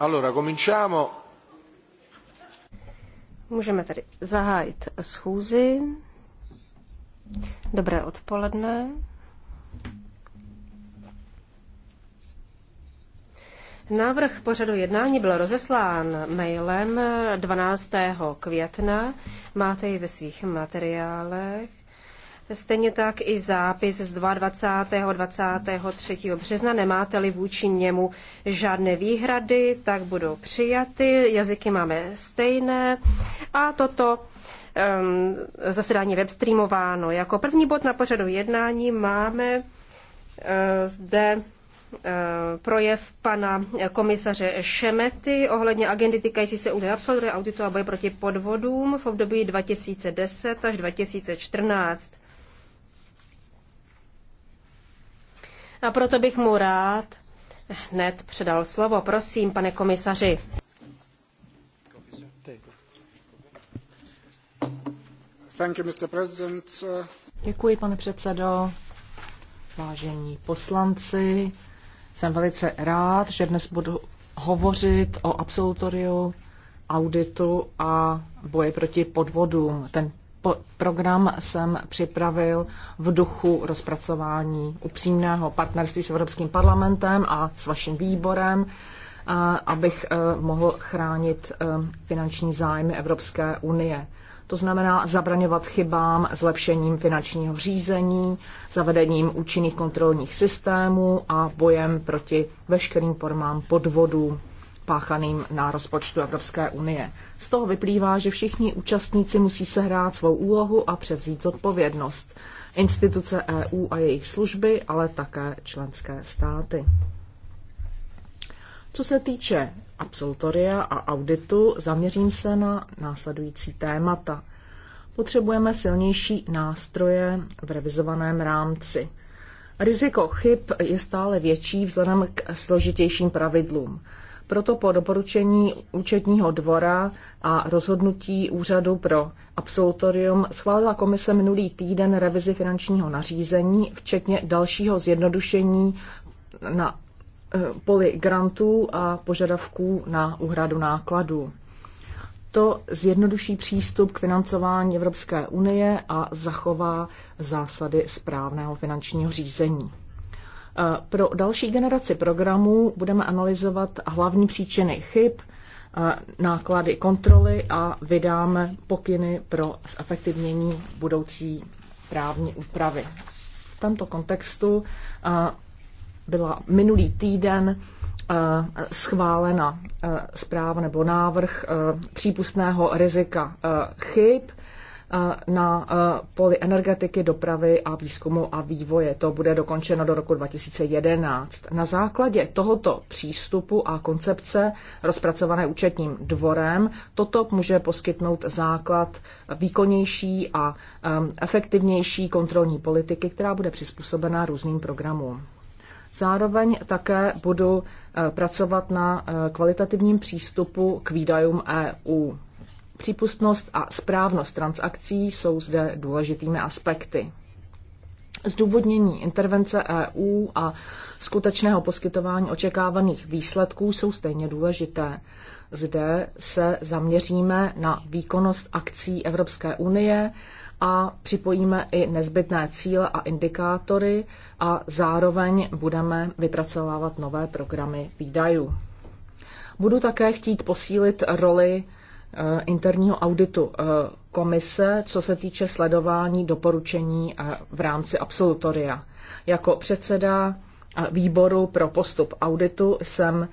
Allora, cominciamo. Můžeme tedy zahájit schůzi. Dobré odpoledne. Návrh pořadu jednání byl rozeslán mailem 12. května. Máte ji ve svých materiálech. Stejně tak i zápis z 22. 23. března. Nemáte-li vůči němu žádné výhrady, tak budou přijaty. Jazyky máme stejné. A toto um, zasedání webstreamováno. Jako první bod na pořadu jednání máme uh, zde eh, projev pana komisaře Šemety ohledně agendy týkající se údaje absolutory auditu a boje proti podvodům v období 2010 až 2014. a proto bych mu rád hned předal slovo. Prosím, pane komisaři. You, Děkuji, pane předsedo. Vážení poslanci, jsem velice rád, že dnes budu hovořit o absolutoriu, auditu a boje proti podvodům. Ten program jsem připravil v duchu rozpracování upřímného partnerství s Evropským parlamentem a s vaším výborem, eh, abych eh, mohl chránit eh, finanční zájmy Evropské unie. To znamená zabraňovat chybám zlepšením finančního řízení, zavedením účinných kontrolních systémů a bojem proti veškerým formám podvodů páchaným na rozpočtu Evropské unie. Z toho vyplývá, že všichni účastníci musí sehrát svou úlohu a převzít zodpovědnost. Instituce EU a jejich služby, ale také členské státy. Co se týče absolutoria a auditu, zaměřím se na následující témata. Potřebujeme silnější nástroje v revizovaném rámci. Riziko chyb je stále větší vzhledem k složitějším pravidlům. Proto po doporučení účetního dvora a rozhodnutí Úřadu pro absolutorium schválila komise minulý týden revizi finančního nařízení, včetně dalšího zjednodušení na eh, poli grantů a požadavků na úhradu nákladů. To zjednoduší přístup k financování Evropské unie a zachová zásady správného finančního řízení. Pro další generaci programů budeme analyzovat hlavní příčiny chyb, náklady kontroly a vydáme pokyny pro zefektivnění budoucí právní úpravy. V tomto kontextu byla minulý týden schválena zpráva nebo návrh přípustného rizika chyb na poli energetiky, dopravy a výzkumu a vývoje. To bude dokončeno do roku 2011. Na základě tohoto přístupu a koncepce rozpracované účetním dvorem toto může poskytnout základ výkonnější a efektivnější kontrolní politiky, která bude přizpůsobená různým programům. Zároveň také budu e, pracovat na e, kvalitativním přístupu k výdajům EU. Přípustnost a správnost transakcí jsou zde důležitými aspekty. Zdůvodnění intervence EU a skutečného poskytování očekávaných výsledků jsou stejně důležité. Zde se zaměříme na výkonnost akcí Evropské unie a připojíme i nezbytné cíle a indikátory a zároveň budeme vypracovávat nové programy výdajů. Budu také chtít posílit roli Eh, interního auditu eh, komise, co se týče sledování doporučení eh, v rámci absolutoria. Jako předseda výboru pro postup auditu jsem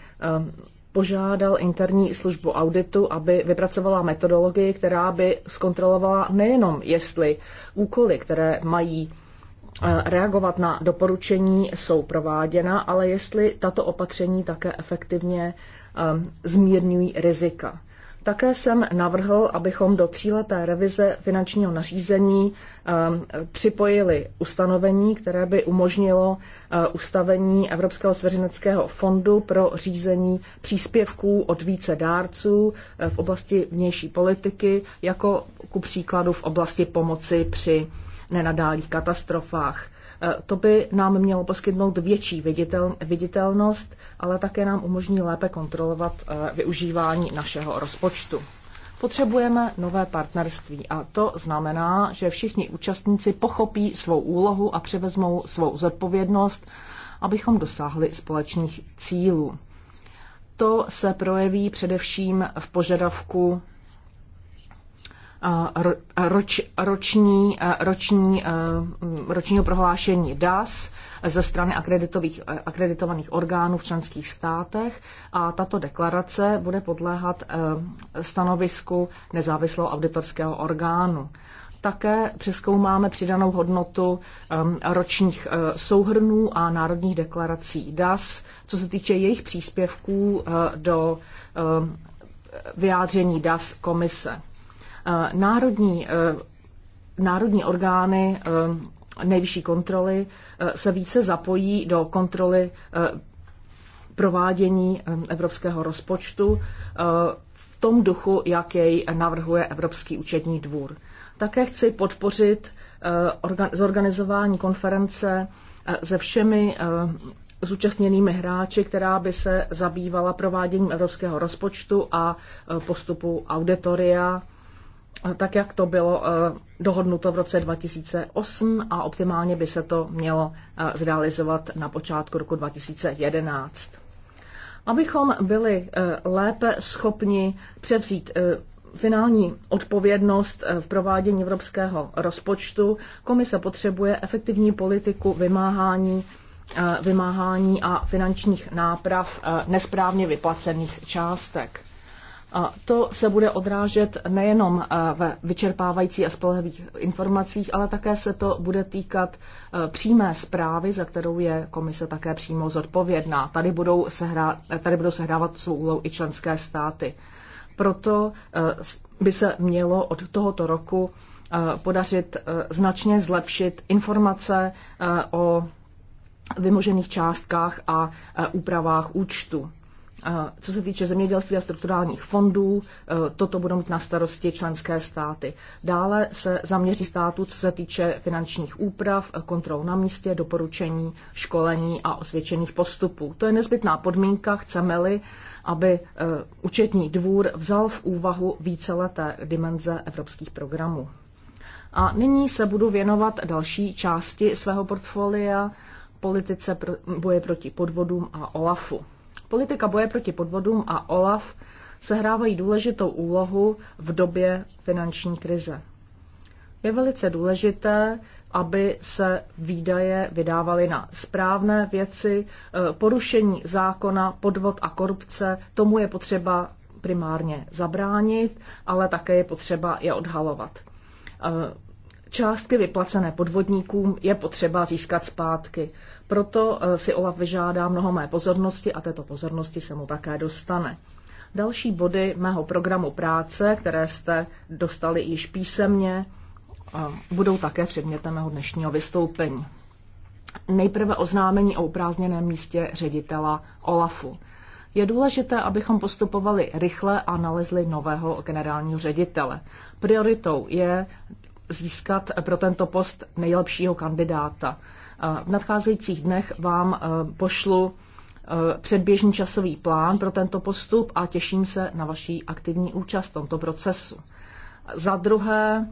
požádal interní službu auditu, aby vypracovala metodologii, která by zkontrolovala nejenom, jestli úkoly, které mají reagovat na doporučení, jsou prováděna, ale jestli tato opatření také efektivně zmírňují rizika. Také jsem navrhl, abychom do tříleté revize finančního nařízení ehm, připojili ustanovení, které by umožnilo eh, ustavení Evropského svěřeneckého fondu pro řízení příspěvků od více dárců eh, v oblasti vnější politiky, jako ku příkladu v oblasti pomoci při nenadálých katastrofách. Eh, to by nám mělo poskytnout větší viditel, viditelnost, ale také nám umožní lépe kontrolovat eh, využívání našeho rozpočtu. Potřebujeme nové partnerství a to znamená, že všichni účastníci pochopí svou úlohu a převezmou svou zodpovědnost, abychom dosáhli společných cílů. To se projeví především v požadavku roč, roční, roční, mm, ročního prohlášení DAS ze strany eh, akreditovaných orgánů v členských státech a tato deklarace bude podléhat eh, stanovisku nezávislého auditorského orgánu. Také přeskoumáme přidanou hodnotu ehm, ročních eh, souhrnů a národních deklarací DAS, co se týče jejich příspěvků do ehm, vyjádření DAS komise. Eh, národní, eh, národní orgány eh, nejvyšší kontroly se více zapojí do kontroly provádění evropského rozpočtu v tom duchu, jak jej navrhuje Evropský účetní dvůr. Také chci podpořit zorganizování konference se všemi zúčastněnými hráči, která by se zabývala prováděním evropského rozpočtu a postupu auditoria tak jak to bylo eh, dohodnuto v roce 2008 a optimálně by se to mělo eh, zrealizovat na počátku roku 2011. Abychom byli eh, lépe schopni převzít finální odpovědnost v provádění evropského rozpočtu, komise potřebuje efektivní politiku vymáhání vymáhání a finančních náprav nesprávně vyplacených částek. A to se bude odrážet nejenom eh, ve vyčerpávající a spolehlivých informacích, ale také se to bude týkat eh, přímé zprávy, za kterou je komise také přímo zodpovědná. Tady budou, sehrá, eh, tady budou sehrávat svou úlohu i členské státy. Proto by se mělo od tohoto roku podařit značně zlepšit informace o vymožených částkách a úpravách účtu. Co se týče zemědělství a strukturálních fondů, e, toto budou mít na starosti členské státy. Dále se zaměří státu, co se týče finančních úprav, e, kontrol na místě, doporučení, školení a osvědčených postupů. To je nezbytná podmínka, chceme-li, aby e, účetní dvůr vzal v úvahu víceleté dimenze evropských programů. A nyní se budu věnovat další části svého portfolia politice boje proti podvodům a OLAFu. Politika boje proti podvodům a OLAF sehrávají důležitou úlohu v době finanční krize. Je velice důležité, aby se výdaje vydávaly na správné věci, e, porušení zákona, podvod a korupce, tomu je potřeba primárně zabránit, ale také je potřeba je odhalovat. E, Částky vyplacené podvodníkům je potřeba získat zpátky. Proto eh, si Olaf vyžádá mnoho mé pozornosti a této pozornosti se mu také dostane. Další body mého programu práce, které jste dostali již písemně, eh, budou také předmětem mého dnešního vystoupení. Nejprve oznámení o uprázněném místě ředitela OLAFu. Je důležité, abychom postupovali rychle a nalezli nového generálního ředitele. Prioritou je získat pro tento post nejlepšího kandidáta. V nadcházejících dnech vám e, pošlu e, předběžný časový plán pro tento postup a těším se na vaší aktivní účast v tomto procesu. Za druhé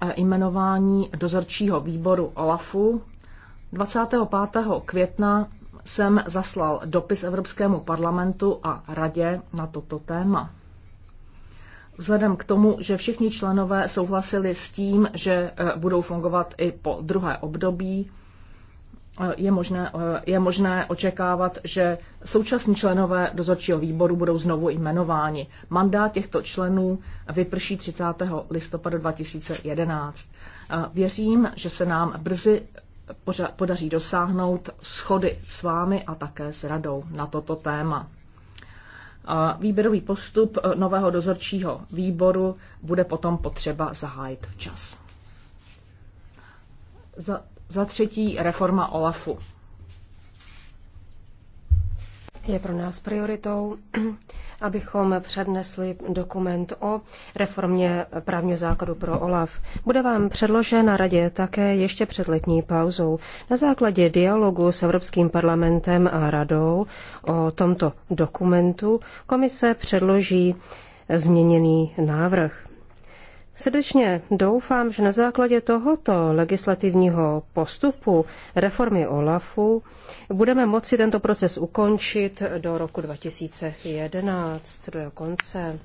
e, jmenování dozorčího výboru OLAFu. 25. května jsem zaslal dopis Evropskému parlamentu a radě na toto téma. Vzhledem k tomu, že všichni členové souhlasili s tím, že eh, budou fungovat i po druhé období, eh, je možné, eh, je možné očekávat, že současní členové dozorčího výboru budou znovu jmenováni. Mandát těchto členů vyprší 30. listopadu 2011. Věřím, že se nám brzy podaří dosáhnout schody s vámi a také s radou na toto téma. A výběrový postup eh, nového dozorčího výboru bude potom potřeba zahájit včas. Za, za třetí reforma OLAFu. Je pro nás prioritou abychom přednesli dokument o reformě právního základu pro OLAF. Bude vám předložen na radě také ještě před letní pauzou. Na základě dialogu s Evropským parlamentem a radou o tomto dokumentu komise předloží změněný návrh. Srdečně doufám, že na základě tohoto legislativního postupu reformy OLAFu budeme moci tento proces ukončit do roku 2011, do konce.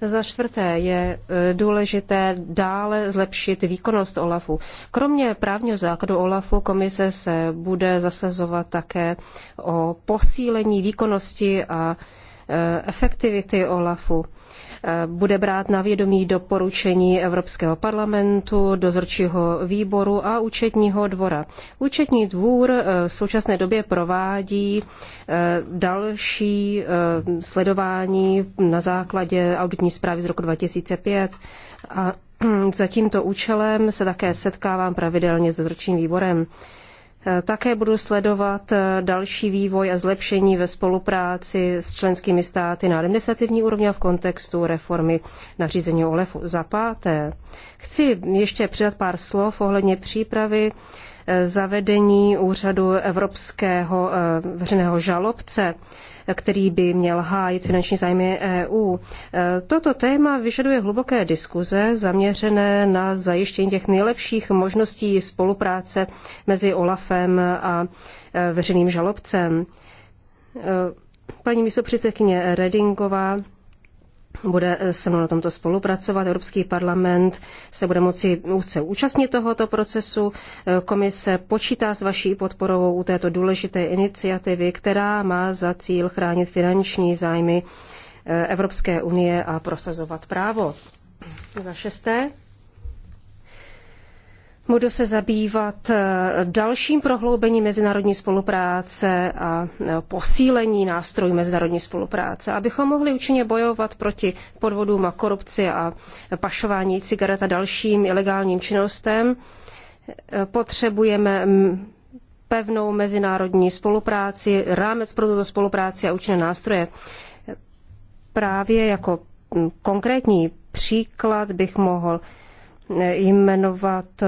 Za čtvrté je e, důležité dále zlepšit výkonnost OLAFu. Kromě právního základu OLAFu komise se bude zasazovat také o posílení výkonnosti a Eh, efektivity OLAFu. Eh, bude brát na vědomí doporučení Evropského parlamentu, dozorčího výboru a účetního dvora. Účetní dvůr eh, v současné době provádí další sledování na základě auditní zprávy z roku 2005 a za tímto účelem se také setkávám pravidelně s dozorčím výborem. Eh, také budu sledovat eh, další vývoj a zlepšení ve spolupráci s členskými státy na administrativní úrovni a v kontextu reformy nařízení OLEFu. Za páté, chci ještě přidat pár slov ohledně přípravy zavedení úřadu evropského eh, veřejného žalobce, který by měl hájit finanční zájmy EU. Eh, toto téma vyžaduje hluboké diskuze zaměřené na zajištění těch nejlepších možností spolupráce mezi OLAFem a eh, veřejným žalobcem. Paní místopředsedkyně Redingová bude eh, se mnou na tomto spolupracovat. Evropský parlament se bude moci úzce účastnit tohoto procesu. Eh, komise počítá s vaší podporou u této důležité iniciativy, která má za cíl chránit finanční zájmy eh, Evropské unie a prosazovat právo. Za šesté, Budu se zabývat eh, dalším prohloubením mezinárodní spolupráce a eh, posílení nástrojů mezinárodní spolupráce, abychom mohli účinně bojovat proti podvodům a korupci a pašování cigaret a dalším ilegálním činnostem. Eh, potřebujeme mm, pevnou mezinárodní spolupráci, rámec pro tuto spolupráci a účinné nástroje. Právě jako mm, konkrétní příklad bych mohl jmenovat eh,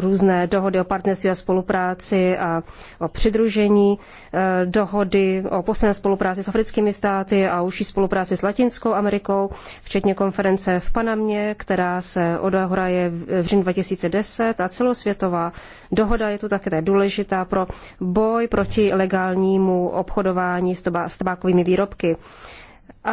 různé dohody o partnerství a spolupráci a o přidružení, eh, dohody o poslední spolupráci s africkými státy a užší spolupráci s Latinskou Amerikou, včetně konference v Panamě, která se odehraje v říjnu 2010 a celosvětová dohoda je tu také důležitá pro boj proti legálnímu obchodování s tabákovými výrobky. A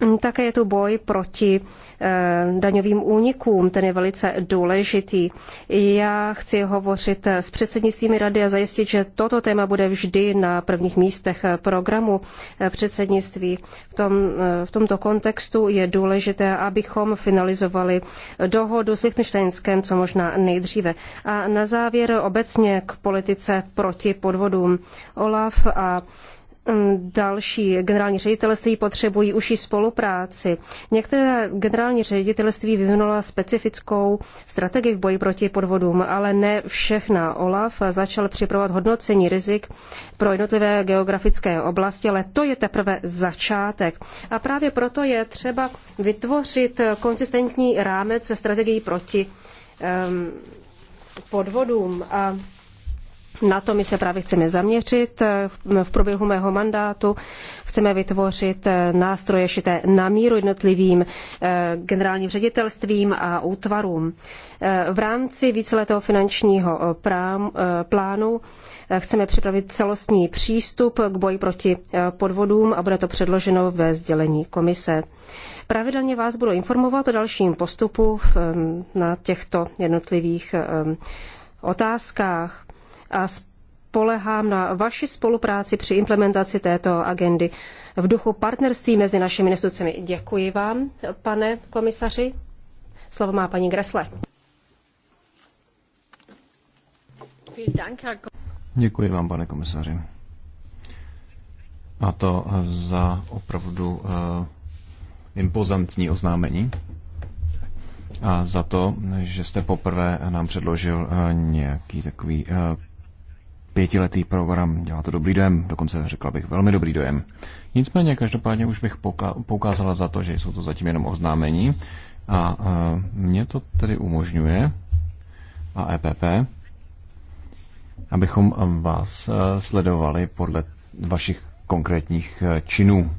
Mm, také je tu boj proti eh, daňovým únikům, ten je velice důležitý. Já chci hovořit s předsednictvími rady a zajistit, že toto téma bude vždy na prvních místech programu eh, předsednictví. V, tom, eh, v tomto kontextu je důležité, abychom finalizovali dohodu s Lichtensteinskem co možná nejdříve. A na závěr obecně k politice proti podvodům. Olaf a Mm, další generální ředitelství potřebují užší spolupráci. Některé generální ředitelství vyvinula specifickou strategii v boji proti podvodům, ale ne všechna. OLAF začal připravovat hodnocení rizik pro jednotlivé geografické oblasti, ale to je teprve začátek. A právě proto je třeba vytvořit konzistentní rámec se strategií proti um, podvodům. A na to my se právě chceme zaměřit v průběhu mého mandátu. Chceme vytvořit eh, nástroje šité na míru jednotlivým eh, generálním ředitelstvím a útvarům. Eh, v rámci víceletého finančního plánu chceme připravit celostní přístup k boji proti podvodům a bude to předloženo ve sdělení komise. Pravidelně vás budu informovat o dalším postupu na těchto jednotlivých otázkách a spolehám na vaši spolupráci při implementaci této agendy v duchu partnerství mezi našimi institucemi. Děkuji vám, pane komisaři. Slovo má paní Gresle. Děkuji vám, pane komisaři. A to za opravdu uh, impozantní oznámení a za to, že jste poprvé nám předložil eh, nějaký takový eh, pětiletý program. Dělá to dobrý dojem, dokonce řekla bych velmi dobrý dojem. Nicméně každopádně už bych poukázala za to, že jsou to zatím jenom oznámení a e, mě to tedy umožňuje a EPP, abychom vás e, sledovali podle vašich konkrétních e, činů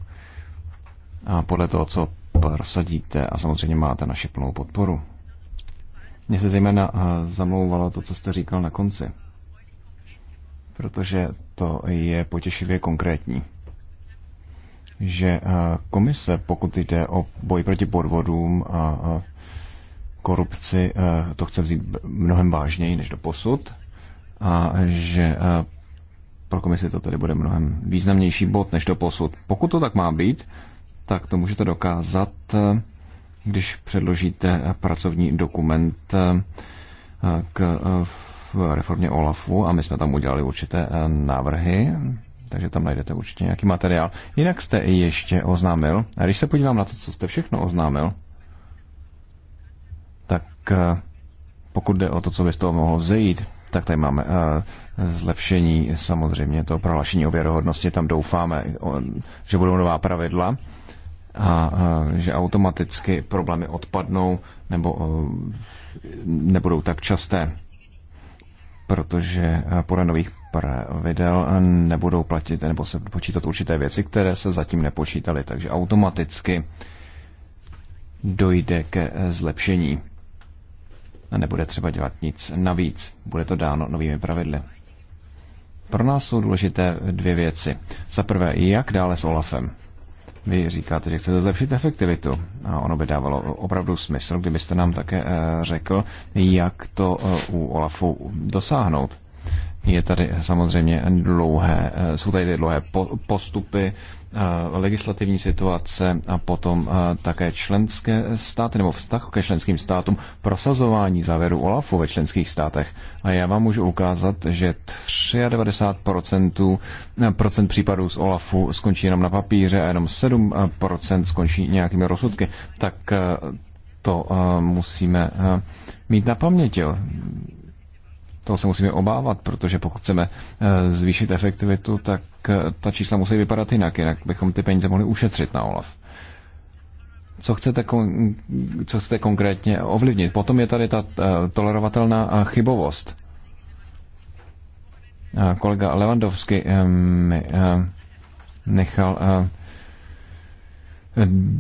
a podle toho, co prosadíte a samozřejmě máte naši plnou podporu. Mně se zejména zamlouvalo to, co jste říkal na konci protože to je potěšivě konkrétní. Že eh, komise, pokud jde o boj proti podvodům a korupci, eh, to chce vzít mnohem vážněji než do posud a že eh, pro komisi to tedy bude mnohem významnější bod než do posud. Pokud to tak má být, tak to můžete dokázat, když předložíte pracovní dokument k reformě OLAFu a my jsme tam udělali určité eh, návrhy, takže tam najdete určitě nějaký materiál. Jinak jste i ještě oznámil, a když se podívám na to, co jste všechno oznámil, tak eh, pokud jde o to, co by z toho mohlo vzejít, tak tady máme eh, zlepšení samozřejmě toho prohlášení o věrohodnosti. Tam doufáme, že budou nová pravidla a že automaticky problémy odpadnou nebo nebudou tak časté protože eh, podle nových pravidel eh, nebudou platit nebo se počítat určité věci, které se zatím nepočítaly, takže automaticky dojde ke eh, zlepšení a nebude třeba dělat nic navíc. Bude to dáno novými pravidly. Pro nás jsou důležité dvě věci. Za prvé, jak dále s Olafem? Vy říkáte, že chcete zlepšit efektivitu a ono by dávalo opravdu smysl, kdybyste nám také eh, řekl, jak to eh, u OLAFu dosáhnout. Je tady samozřejmě dlouhé, eh, jsou tady dlouhé postupy, legislativní situace a potom také členské státy nebo vztah ke členským státům, prosazování závěru OLAFu ve členských státech. A já vám můžu ukázat, že 93% procent případů z OLAFu skončí jenom na papíře a jenom 7% skončí nějakými rozsudky. Tak to musíme mít na paměti toho se musíme obávat, protože pokud chceme eh, zvýšit efektivitu, tak eh, ta čísla musí vypadat jinak, jinak bychom ty peníze mohli ušetřit na OLAF. Co chcete, co chcete konkrétně ovlivnit? Potom je tady ta eh, tolerovatelná chybovost. Kolega Levandovský mi nechal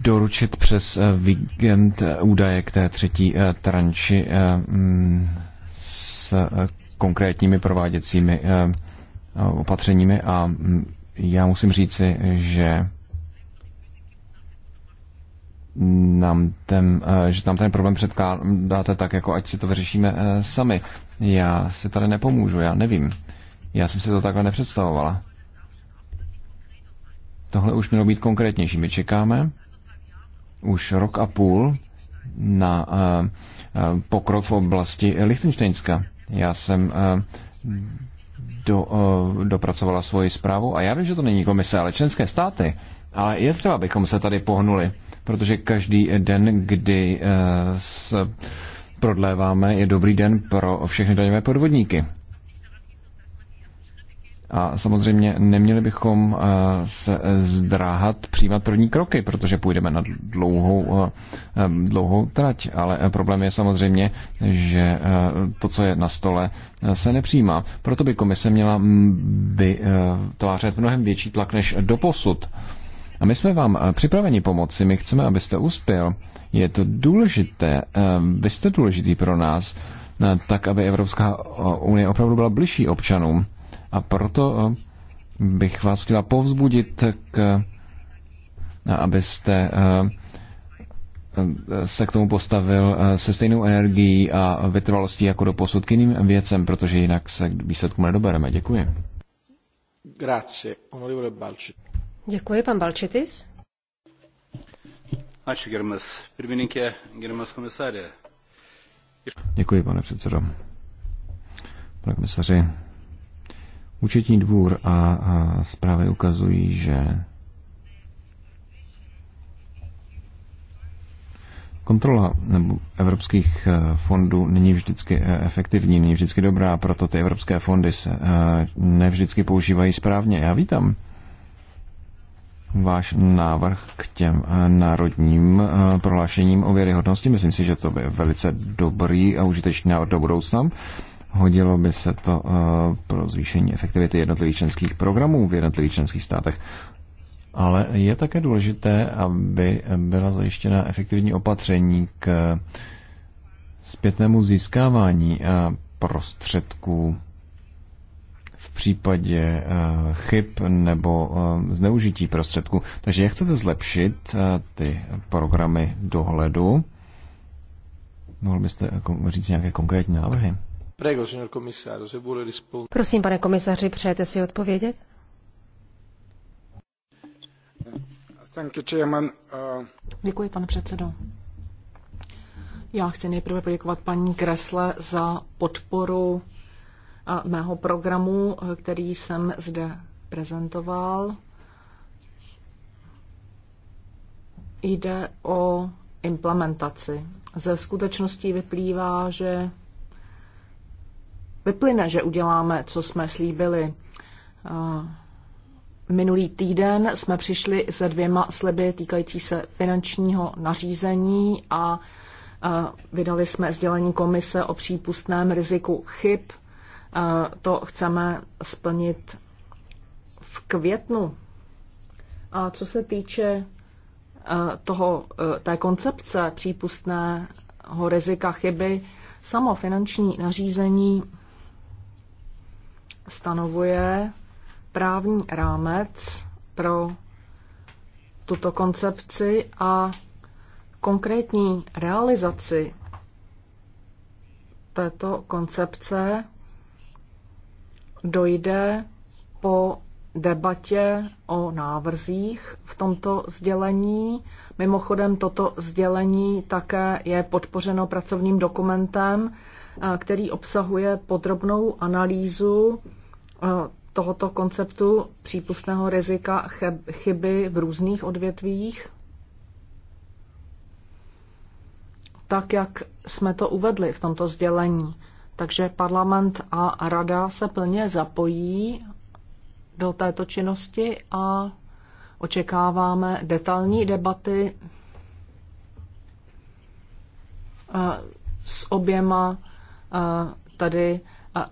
doručit přes víkend údaje k té třetí tranči z mm, konkrétními prováděcími eh, opatřeními a mm, já musím říci, že nám ten, eh, že tam ten problém předkládáte tak, jako ať si to vyřešíme eh, sami. Já si tady nepomůžu, já nevím. Já jsem si to takhle nepředstavovala. Tohle už mělo být konkrétnější. My čekáme už rok a půl na pokrok v oblasti Lichtensteinska. Já jsem eh, do, eh, dopracovala svoji zprávu a já vím, že to není komise, ale členské státy. Ale je třeba, abychom se tady pohnuli, protože každý den, kdy eh, se prodléváme, je dobrý den pro všechny daňové podvodníky. A samozřejmě neměli bychom eh, se zdráhat přijímat první kroky, protože půjdeme na dlouhou, eh, eh, dlouhou trať. Ale problém je samozřejmě, že to, co je na stole, se nepřijímá. Proto by komise měla mm, tvářet mnohem větší tlak než doposud. A my jsme vám připraveni pomoci, my chceme, abyste uspěl. Je to důležité, vy jste důležitý pro nás, tak aby Evropská unie opravdu byla bližší občanům a proto eh, bych vás chtěla povzbudit k eh, abyste eh, se k tomu postavil se stejnou energií a vytrvalostí jako do posud k jiným věcem, protože jinak se k výsledkům nedobereme. Děkuji. Grazie, onorevole Děkuji, pan Balčitis. Ačiū, gerbiamas pirmininkė, gerbiamas komisarė. Děkuji, pane předsedo. Pane komisaři, Účetní dvůr a, a zprávy ukazují, že kontrola nebo evropských eh, fondů není vždycky eh, efektivní, není vždycky dobrá, proto ty evropské fondy se eh, nevždycky používají správně. Já vítám váš návrh k těm národním prohlášením o věryhodnosti. Myslím si, že to by velice dobrý a užitečný návrh do budoucna. Hodilo by se to eh, pro zvýšení efektivity jednotlivých členských programů v jednotlivých členských státech. Ale je také důležité, aby byla zajištěna efektivní opatření k zpětnému získávání eh, prostředků v případě eh, chyb nebo zneužití prostředků. Takže jak chcete zlepšit ty programy dohledu? Mohl byste jako říct nějaké konkrétní návrhy? Prego, signor commissario, se vuole rispondere. Prosím, pane komisaři, přejete si odpovědět? Thank you, chairman. Uh... Děkuji, pane předsedo. Já chci nejprve poděkovat paní Kresle za podporu eh, mého programu, eh, který jsem zde prezentoval. Jde o implementaci. Ze skutečností vyplývá, že vyplyne, že uděláme, co jsme slíbili. Minulý týden jsme přišli se dvěma sliby týkající se finančního nařízení a vydali jsme sdělení komise o přípustném riziku chyb. To chceme splnit v květnu. A co se týče toho, e, té koncepce přípustného rizika chyby, samo finanční nařízení stanovuje právní rámec pro tuto koncepci a konkrétní realizaci této koncepce dojde po debatě o návrzích v tomto sdělení. Mimochodem, toto sdělení také je podpořeno pracovním dokumentem, eh, který obsahuje podrobnou analýzu Eh, tohoto konceptu přípustného rizika chyby v různých odvětvích, tak jak jsme to uvedli v tomto sdělení. Takže parlament a rada se plně zapojí do této činnosti a očekáváme detailní debaty eh, s oběma eh, tady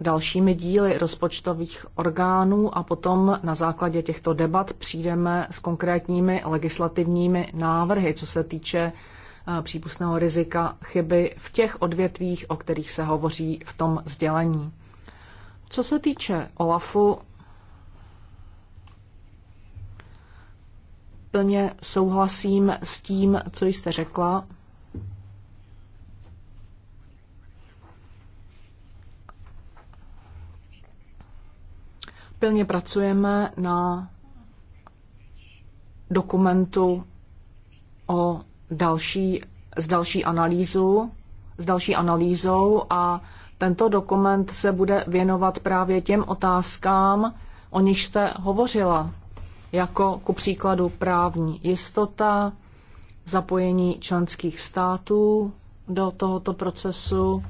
dalšími díly rozpočtových orgánů a potom na základě těchto debat přijdeme s konkrétními legislativními návrhy, co se týče eh, přípustného rizika chyby v těch odvětvích, o kterých se hovoří v tom sdělení. Co se týče OLAFu, plně souhlasím s tím, co jste řekla. Pilně pracujeme na dokumentu o další, s další analýzu, s další analýzou a tento dokument se bude věnovat právě těm otázkám, o nich jste hovořila, jako ku příkladu právní jistota, zapojení členských států do tohoto procesu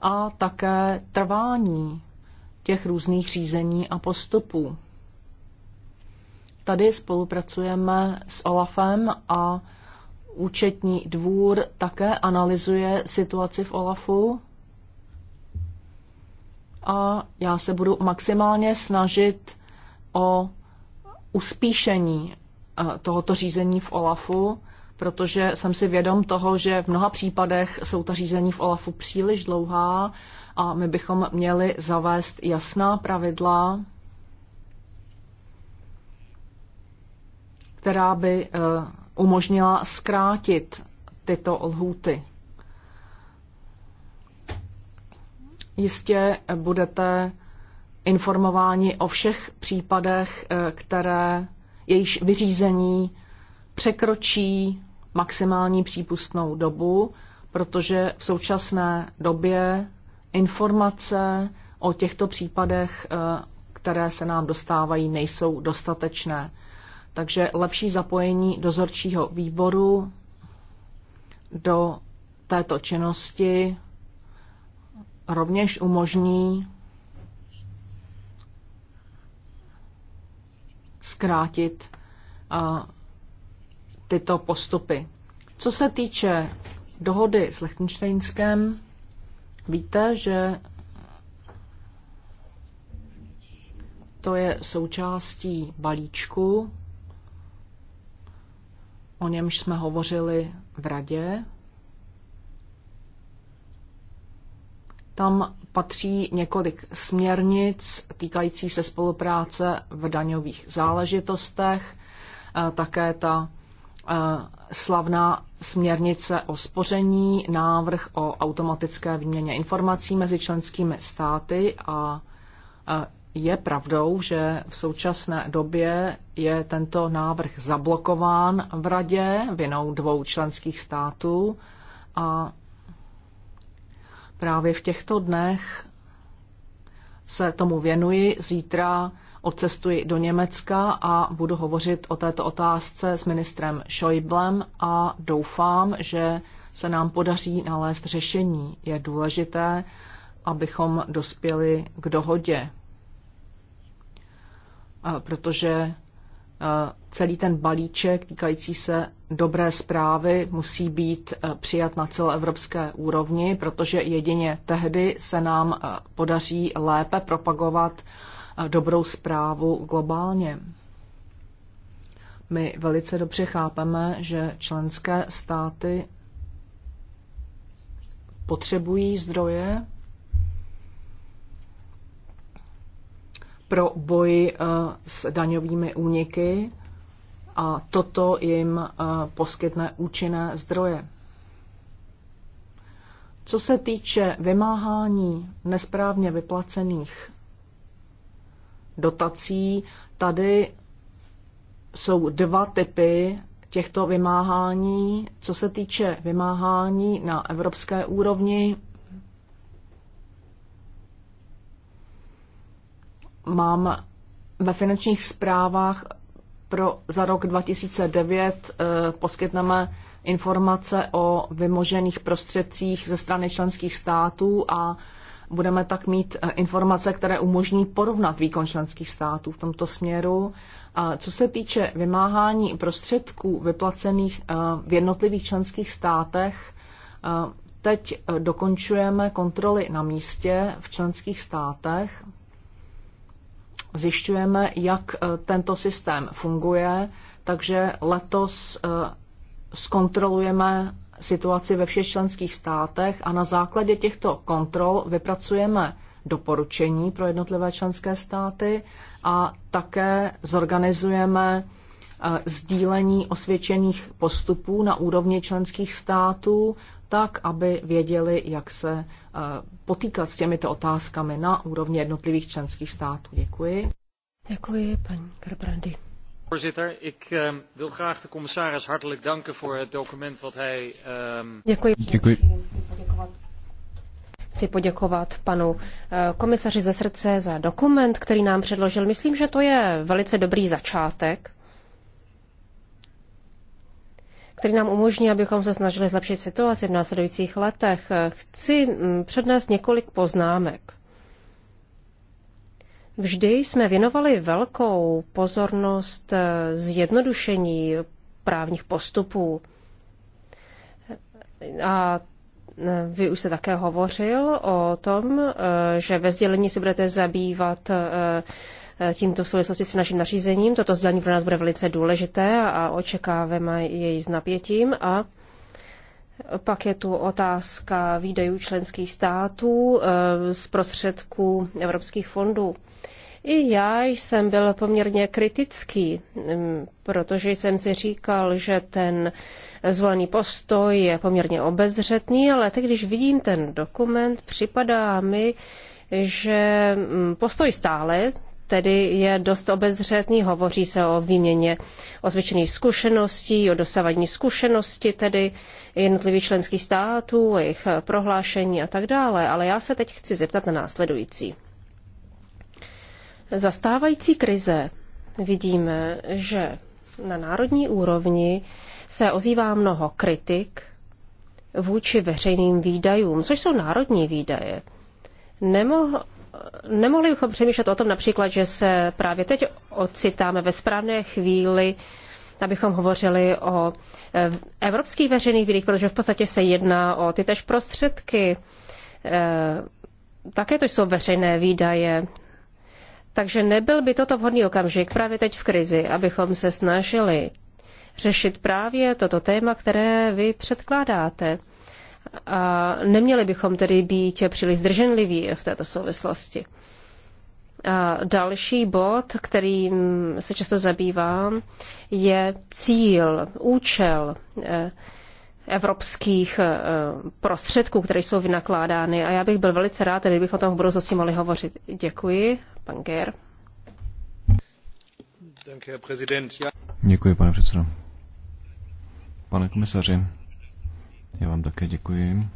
a také trvání těch různých řízení a postupů. Tady spolupracujeme s OLAFem a účetní dvůr také analyzuje situaci v OLAFu a já se budu maximálně snažit o uspíšení eh, tohoto řízení v OLAFu, protože jsem si vědom toho, že v mnoha případech jsou ta řízení v OLAFu příliš dlouhá a my bychom měli zavést jasná pravidla, která by eh, umožnila zkrátit tyto lhůty. Jistě budete informováni o všech případech, eh, které jejíž vyřízení překročí maximální přípustnou dobu, protože v současné době informace o těchto případech, eh, které se nám dostávají, nejsou dostatečné. Takže lepší zapojení dozorčího výboru do této činnosti rovněž umožní zkrátit eh, tyto postupy. Co se týče dohody s Lechtensteinskem, Víte, že to je součástí balíčku, o němž jsme hovořili v radě. Tam patří několik směrnic týkající se spolupráce v daňových záležitostech, eh, také ta Eh, slavná směrnice o spoření, návrh o automatické výměně informací mezi členskými státy a eh, je pravdou, že v současné době je tento návrh zablokován v radě vinou dvou členských států a právě v těchto dnech se tomu věnuji. Zítra odcestuji do Německa a budu hovořit o této otázce s ministrem Schäublem a doufám, že se nám podaří nalézt řešení. Je důležité, abychom dospěli k dohodě, protože celý ten balíček týkající se dobré zprávy musí být přijat na celoevropské úrovni, protože jedině tehdy se nám podaří lépe propagovat dobrou zprávu globálně. My velice dobře chápeme, že členské státy potřebují zdroje pro boj eh, s daňovými úniky a toto jim eh, poskytne účinné zdroje. Co se týče vymáhání nesprávně vyplacených dotací. Tady jsou dva typy těchto vymáhání. Co se týče vymáhání na evropské úrovni, mám ve finančních zprávách pro za rok 2009 eh, poskytneme informace o vymožených prostředcích ze strany členských států a Budeme tak mít eh, informace, které umožní porovnat výkon členských států v tomto směru. A co se týče vymáhání prostředků vyplacených eh, v jednotlivých členských státech, eh, teď dokončujeme kontroly na místě v členských státech. Zjišťujeme, jak tento systém funguje, takže letos zkontrolujeme situaci ve všech členských státech a na základě těchto kontrol vypracujeme doporučení pro jednotlivé členské státy a také zorganizujeme e, sdílení osvědčených postupů na úrovni členských států, tak, aby věděli, jak se e, potýkat s těmito otázkami na úrovni jednotlivých členských států. Děkuji. Děkuji, paní Karbrandy. Voorzitter, ik ehm, wil graag de commissaris hartelijk danken voor het document wat hij... Ehm, Děkuji. Chci poděkovat panu eh, komisaři ze srdce za dokument, který nám předložil. Myslím, že to je velice dobrý začátek, který nám umožní, abychom se snažili zlepšit situaci v následujících letech. Chci mm, přednést několik poznámek. Vždy jsme věnovali velkou pozornost eh, zjednodušení právních postupů. A eh, vy už jste také hovořil o tom, eh, že ve sdělení se budete zabývat tímto v souvislosti s naším nařízením. Toto sdělení pro nás bude velice důležité a očekáváme jej s napětím. A pak je tu otázka výdajů členských států z prostředků evropských fondů. I já jsem byl poměrně kritický, mm, protože jsem si říkal, že ten zvolený postoj je poměrně obezřetný, ale teď, když vidím ten dokument, připadá mi, že mm, postoj stále tedy je dost obezřetný, hovoří se o výměně osvědčených zkušeností, o dosavadní zkušenosti tedy jednotlivých členských států, o jejich prohlášení a tak dále. Ale já se teď chci zeptat na následující. Zastávající krize vidíme, že na národní úrovni se ozývá mnoho kritik vůči veřejným výdajům, což jsou národní výdaje. Nemohl, nemohli bychom přemýšlet o tom například, že se právě teď ocitáme ve správné chvíli, abychom hovořili o eh, evropských veřejných výdajích, protože v podstatě se jedná o ty tež prostředky. Eh, také to jsou veřejné výdaje takže nebyl by toto vhodný okamžik právě teď v krizi, abychom se snažili řešit právě toto téma, které vy předkládáte. A neměli bychom tedy být příliš zdrženliví v této souvislosti. A další bod, kterým se často zabývám, je cíl, účel eh, evropských eh, prostředků, které jsou vynakládány. A já bych byl velice rád, kdybych o tom v budoucnosti mohli hovořit. Děkuji, pan Ger. Děkuji, pane předsedo. Pane komisaři, já vám také děkuji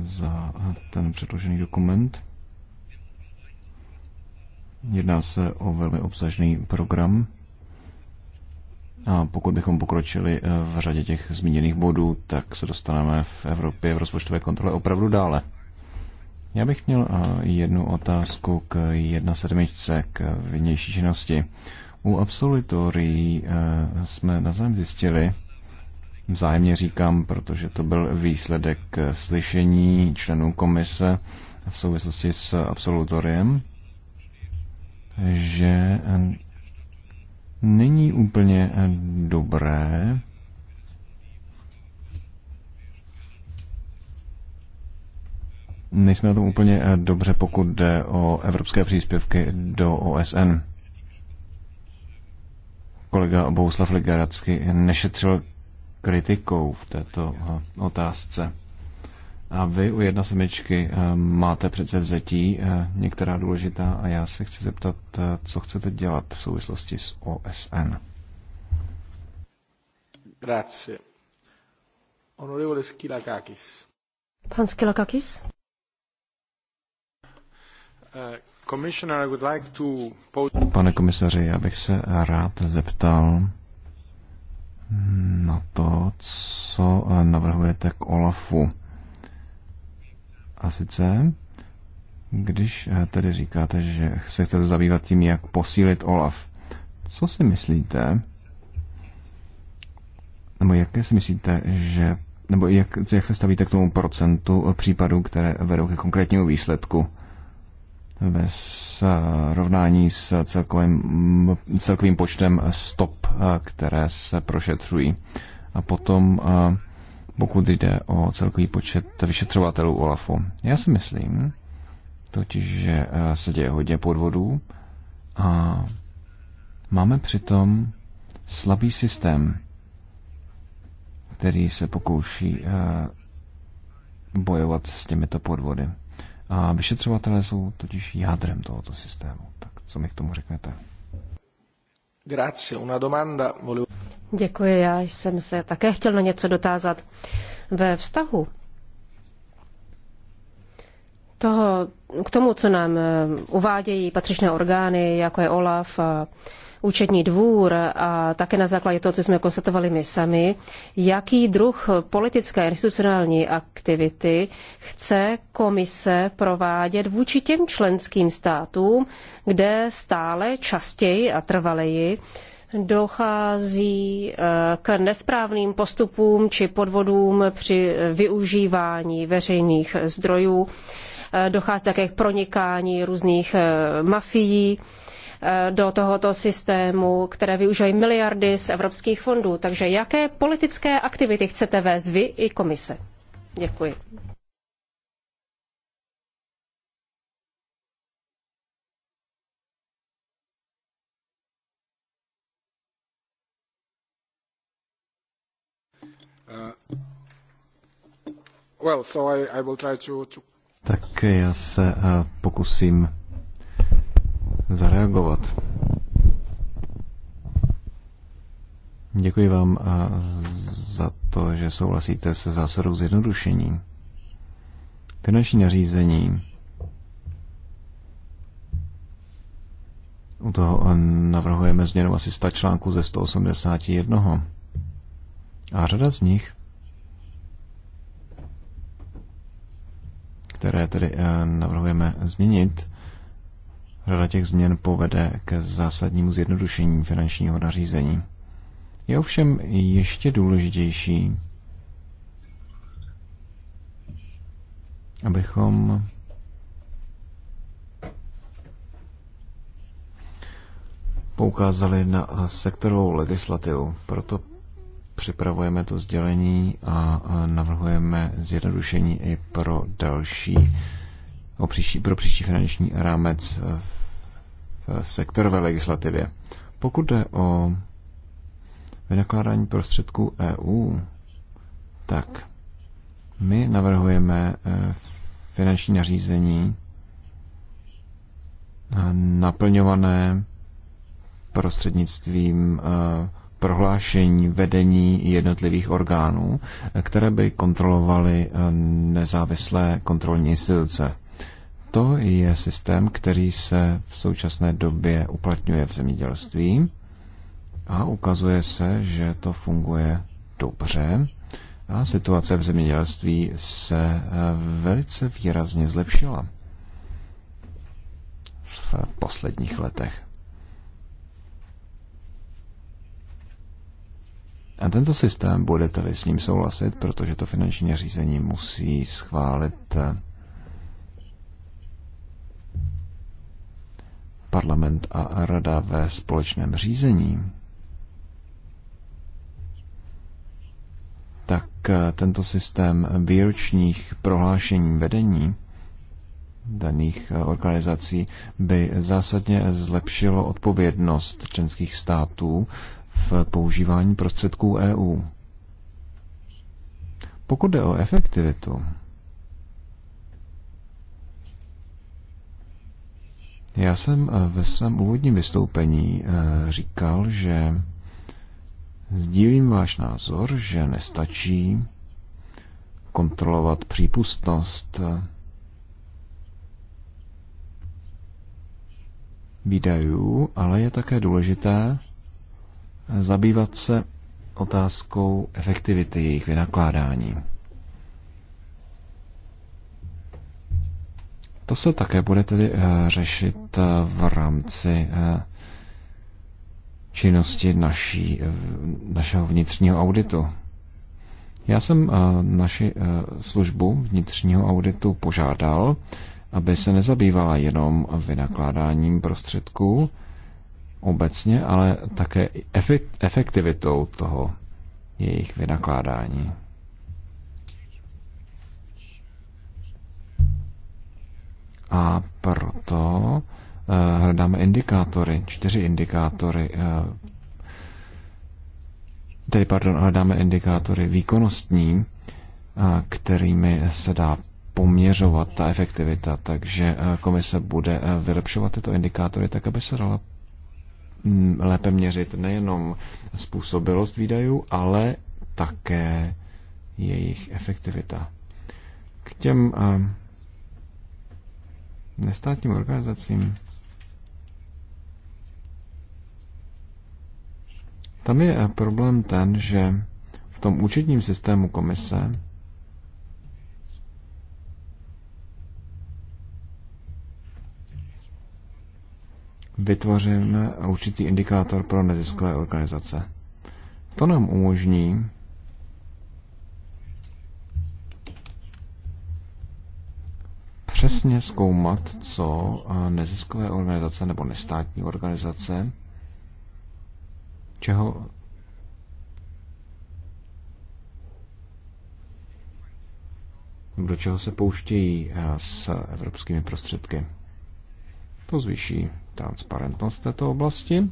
za ten předložený dokument. Jedná se o velmi obsažný program a pokud bychom pokročili eh, v řadě těch zmíněných bodů, tak se dostaneme v Evropě v rozpočtové kontrole opravdu dále. Já bych měl eh, jednu otázku k 1.7. k vnější činnosti. U absolutorií eh, jsme navzájem zjistili, vzájemně říkám, protože to byl výsledek slyšení členů komise v souvislosti s absolutoriem, že není úplně eh, dobré nejsme na tom úplně eh, dobře, pokud jde o evropské příspěvky do OSN. Kolega Bohuslav Ligaracky nešetřil kritikou v této eh, otázce. A vy u jedna semičky eh, máte přece vzetí eh, některá důležitá a já se chci zeptat, eh, co chcete dělat v souvislosti s OSN. Grazie. Honorevole Skilakakis. Pan Skilakakis? Pane komisaři, já bych se rád zeptal na to, co navrhujete k OLAFu. A sice, když eh, tedy říkáte, že se chcete zabývat tím, jak posílit OLAF, co si myslíte, nebo jaké si myslíte, že nebo jak, jak se stavíte k tomu procentu případů, které vedou ke konkrétnímu výsledku ve srovnání eh, s celkovým, celkovým počtem stop, eh, které se prošetřují. A potom pokud jde o celkový počet vyšetřovatelů OLAFu. Já si myslím, totiž, že eh, se děje hodně podvodů a máme přitom slabý systém, který se pokouší eh, bojovat s těmito podvody. A vyšetřovatelé jsou totiž jádrem tohoto systému. Tak co mi k tomu řeknete? Grazie, una domanda. Děkuji, já jsem se také chtěl na něco dotázat. Ve vztahu toho, k tomu, co nám eh, uvádějí patřičné orgány, jako je OLAF a účetní dvůr a také na základě toho, co jsme konstatovali my sami, jaký druh politické a institucionální aktivity chce komise provádět vůči těm členským státům, kde stále častěji a trvaleji dochází eh, k nesprávným postupům či podvodům při využívání veřejných zdrojů. Eh, dochází také k pronikání různých eh, mafií do tohoto systému, které využívají miliardy z evropských fondů. Takže jaké politické aktivity chcete vést vy i komise? Děkuji. Uh, well, so I, I will try to, to... Tak já se uh, pokusím zareagovat. Děkuji vám uh, za to, že souhlasíte se zásadou zjednodušení. Finanční nařízení u toho uh, navrhujeme změnu asi 100 článků ze 181. A řada z nich, které tedy eh, navrhujeme změnit, řada těch změn povede k zásadnímu zjednodušení finančního nařízení. Je ovšem ještě důležitější, abychom poukázali na sektorovou legislativu. Proto připravujeme to sdělení a navrhujeme zjednodušení i pro další, o příští, pro příští finanční rámec v sektorové legislativě. Pokud jde o vynakládání prostředků EU, tak my navrhujeme e, finanční nařízení naplňované prostřednictvím e, prohlášení vedení jednotlivých orgánů, které by kontrolovaly eh, nezávislé kontrolní instituce. To je systém, který se v současné době uplatňuje v zemědělství a ukazuje se, že to funguje dobře a situace v zemědělství se eh, velice výrazně zlepšila v posledních letech. A tento systém, budete-li s ním souhlasit, protože to finanční řízení musí schválit eh, parlament a rada ve společném řízení, tak eh, tento systém výročních prohlášení vedení daných eh, organizací by zásadně zlepšilo odpovědnost členských států v používání prostředků EU. Pokud jde o efektivitu, já jsem eh, ve svém úvodním vystoupení eh, říkal, že sdílím váš názor, že nestačí kontrolovat přípustnost eh, výdajů, ale je také důležité zabývat se otázkou efektivity jejich vynakládání. To se také bude tedy eh, řešit eh, v rámci eh, činnosti naší, našeho vnitřního auditu. Já jsem naši službu vnitřního auditu požádal, aby se nezabývala jenom vynakládáním prostředků, obecně, ale také efektivitou toho jejich vynakládání. A proto eh, hledáme indikátory, čtyři indikátory, eh, tedy pardon, hledáme indikátory výkonnostní, eh, kterými se dá poměřovat ta efektivita, takže komise bude vylepšovat tyto indikátory tak, aby se dala Mm, lépe měřit nejenom způsobilost výdajů, ale také jejich efektivita. K těm eh, nestátním organizacím tam je eh, problém ten, že v tom účetním systému komise vytvořím určitý indikátor pro neziskové organizace. To nám umožní přesně zkoumat, co neziskové organizace nebo nestátní organizace, čeho do čeho se pouštějí eh, s evropskými prostředky. To zvýší transparentnost této oblasti.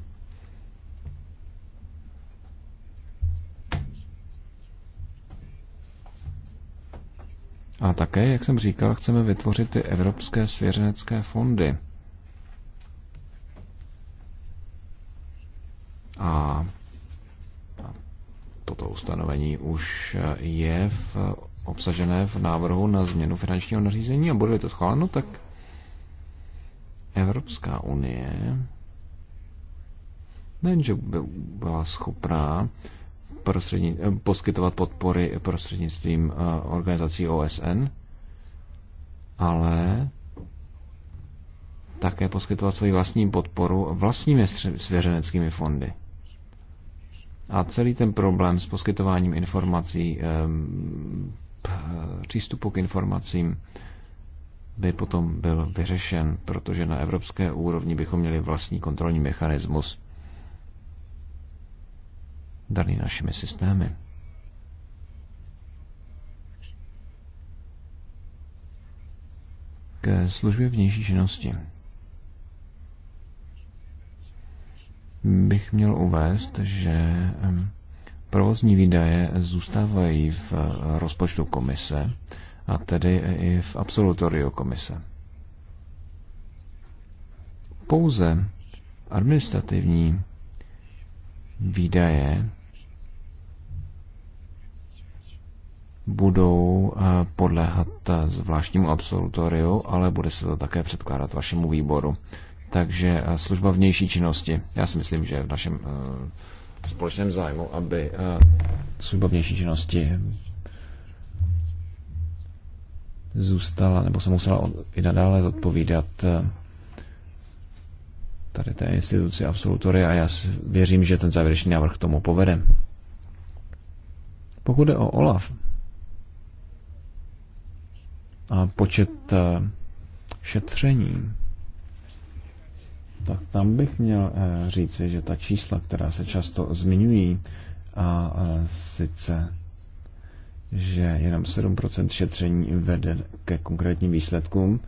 A také, jak jsem říkal, chceme vytvořit ty evropské svěřenecké fondy. A toto ustanovení už je v, obsažené v návrhu na změnu finančního nařízení a bude to schváleno, tak Evropská unie nejenže by byla schopná prostřední, eh, poskytovat podpory prostřednictvím eh, organizací OSN, ale také poskytovat svoji vlastní podporu vlastními svěřeneckými fondy. A celý ten problém s poskytováním informací, eh, přístupu k informacím, by potom byl vyřešen, protože na evropské úrovni bychom měli vlastní kontrolní mechanismus daný našimi systémy. Ke službě vnější činnosti bych měl uvést, že ehm, provozní výdaje zůstávají v eh, rozpočtu komise, a tedy i v absolutoriu komise. Pouze administrativní výdaje budou eh, podléhat eh, zvláštnímu absolutoriu, ale bude se to také předkládat vašemu výboru. Takže eh, služba vnější činnosti. Já si myslím, že v našem společném zájmu, aby služba vnější činnosti zůstala, nebo se musela i nadále zodpovídat eh, tady té instituci absolutory a já věřím, že ten závěrečný návrh k tomu povede. Pokud jde o OLAF a počet eh, šetření, tak tam bych měl eh, říci, že ta čísla, která se často zmiňují, a sice že jenom 7% šetření vede ke konkrétním výsledkům,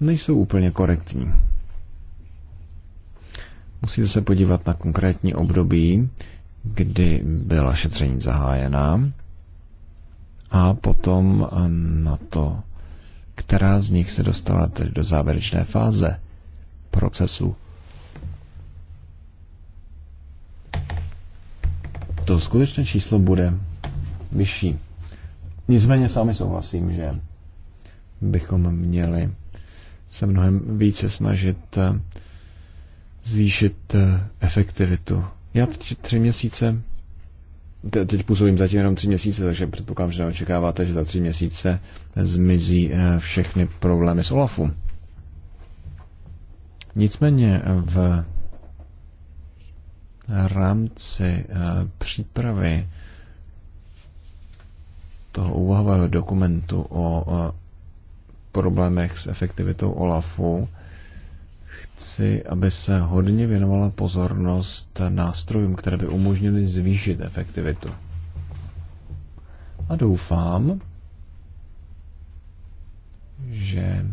nejsou úplně korektní. Musíte se podívat na konkrétní období, kdy byla šetření zahájená a potom na to, která z nich se dostala tedy do závěrečné fáze procesu. To skutečné číslo bude vyšší. Nicméně sami souhlasím, že bychom měli se mnohem více snažit eh, zvýšit eh, efektivitu. Já teď tři měsíce, teď působím zatím jenom tři měsíce, takže předpokládám, že neočekáváte, že za tři měsíce zmizí eh, všechny problémy s OLAFu. Nicméně v rámci přípravy toho úvahového dokumentu o problémech s efektivitou OLAFu chci, aby se hodně věnovala pozornost nástrojům, které by umožnily zvýšit efektivitu. A doufám, že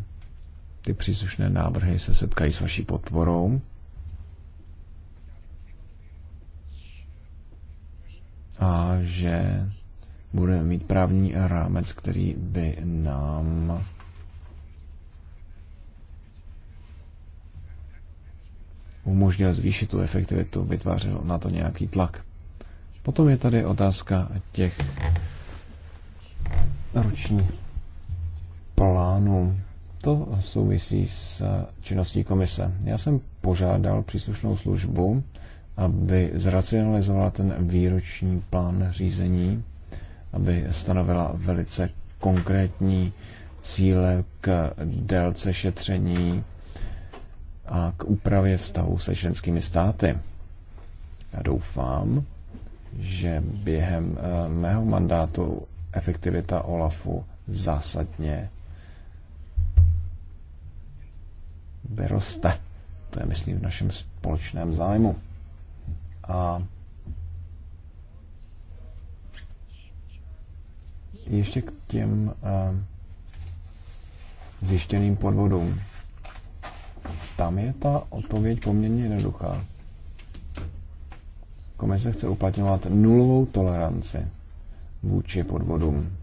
ty příslušné návrhy se setkají s vaší podporou. A že budeme mít právní rámec, který by nám umožnil zvýšit tu efektivitu, vytvářel na to nějaký tlak. Potom je tady otázka těch roční plánů. To souvisí s činností komise. Já jsem požádal příslušnou službu, aby zracionalizovala ten výroční plán řízení aby stanovila velice konkrétní cíle k délce šetření a k úpravě vztahu se členskými státy. Já doufám, že během eh, mého mandátu efektivita OLAFu zásadně vyroste. To je, myslím, v našem společném zájmu. A ještě k těm eh, zjištěným podvodům. Tam je ta odpověď poměrně jednoduchá. Komise chce uplatňovat nulovou toleranci vůči podvodům.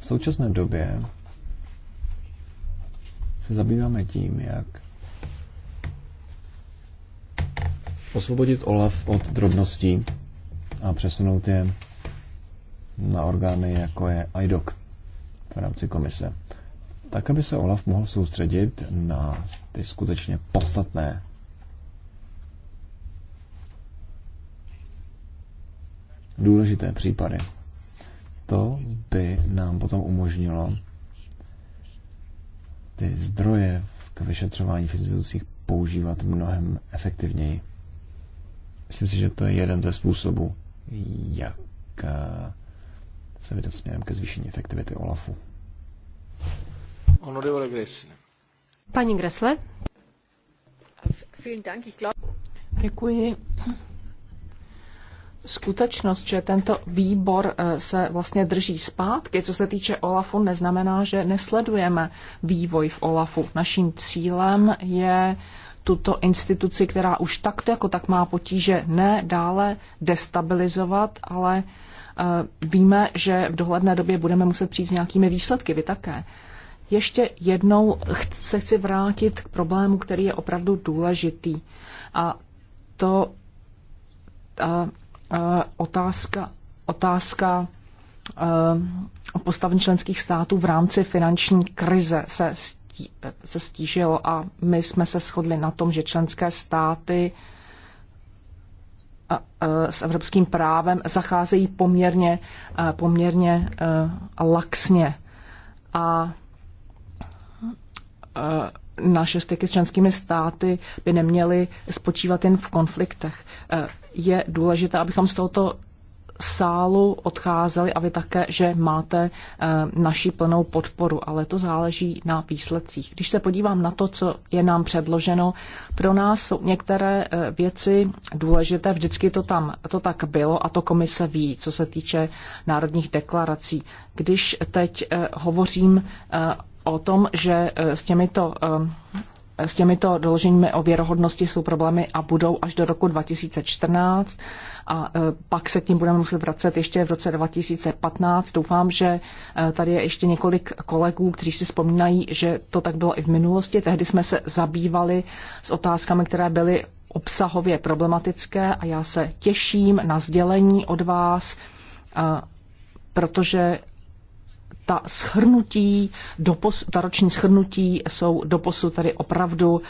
V současné době se zabýváme tím, jak osvobodit OLAF od drobností a přesunout je na orgány, jako je IDOC v rámci komise. Tak, aby se OLAF mohl soustředit na ty skutečně podstatné důležité případy. To by nám potom umožnilo ty zdroje k vyšetřování v institucích používat mnohem efektivněji. Myslím si, že to je jeden ze způsobů, jak eh, se vydat směrem ke zvýšení efektivity OLAFu. Paní Gresle. Děkuji. Skutečnost, že tento výbor eh, se vlastně drží zpátky, co se týče OLAFu, neznamená, že nesledujeme vývoj v OLAFu. Naším cílem je tuto instituci, která už tak jako tak má potíže, ne dále destabilizovat, ale e, víme, že v dohledné době budeme muset přijít s nějakými výsledky, vy také. Ještě jednou se chci vrátit k problému, který je opravdu důležitý. A to ta, e, a, e, otázka, otázka postavení členských států v rámci finanční krize se s se stížil a my jsme se shodli na tom, že členské státy s evropským právem zacházejí poměrně, poměrně laxně. A naše styky s členskými státy by neměly spočívat jen v konfliktech. Je důležité, abychom z tohoto sálu odcházeli a vy také, že máte eh, naši plnou podporu, ale to záleží na výsledcích. Když se podívám na to, co je nám předloženo, pro nás jsou některé eh, věci důležité, vždycky to tam to tak bylo a to komise ví, co se týče národních deklarací. Když teď eh, hovořím o tom, že s těmito s těmito doloženími o věrohodnosti jsou problémy a budou až do roku 2014 a e, pak se tím budeme muset vracet ještě v roce 2015. Doufám, že e, tady je ještě několik kolegů, kteří si vzpomínají, že to tak bylo i v minulosti. Tehdy jsme se zabývali s otázkami, které byly obsahově problematické a já se těším na sdělení od vás, e, protože ta schrnutí, dopos, ta roční schrnutí jsou doposud tady opravdu uh,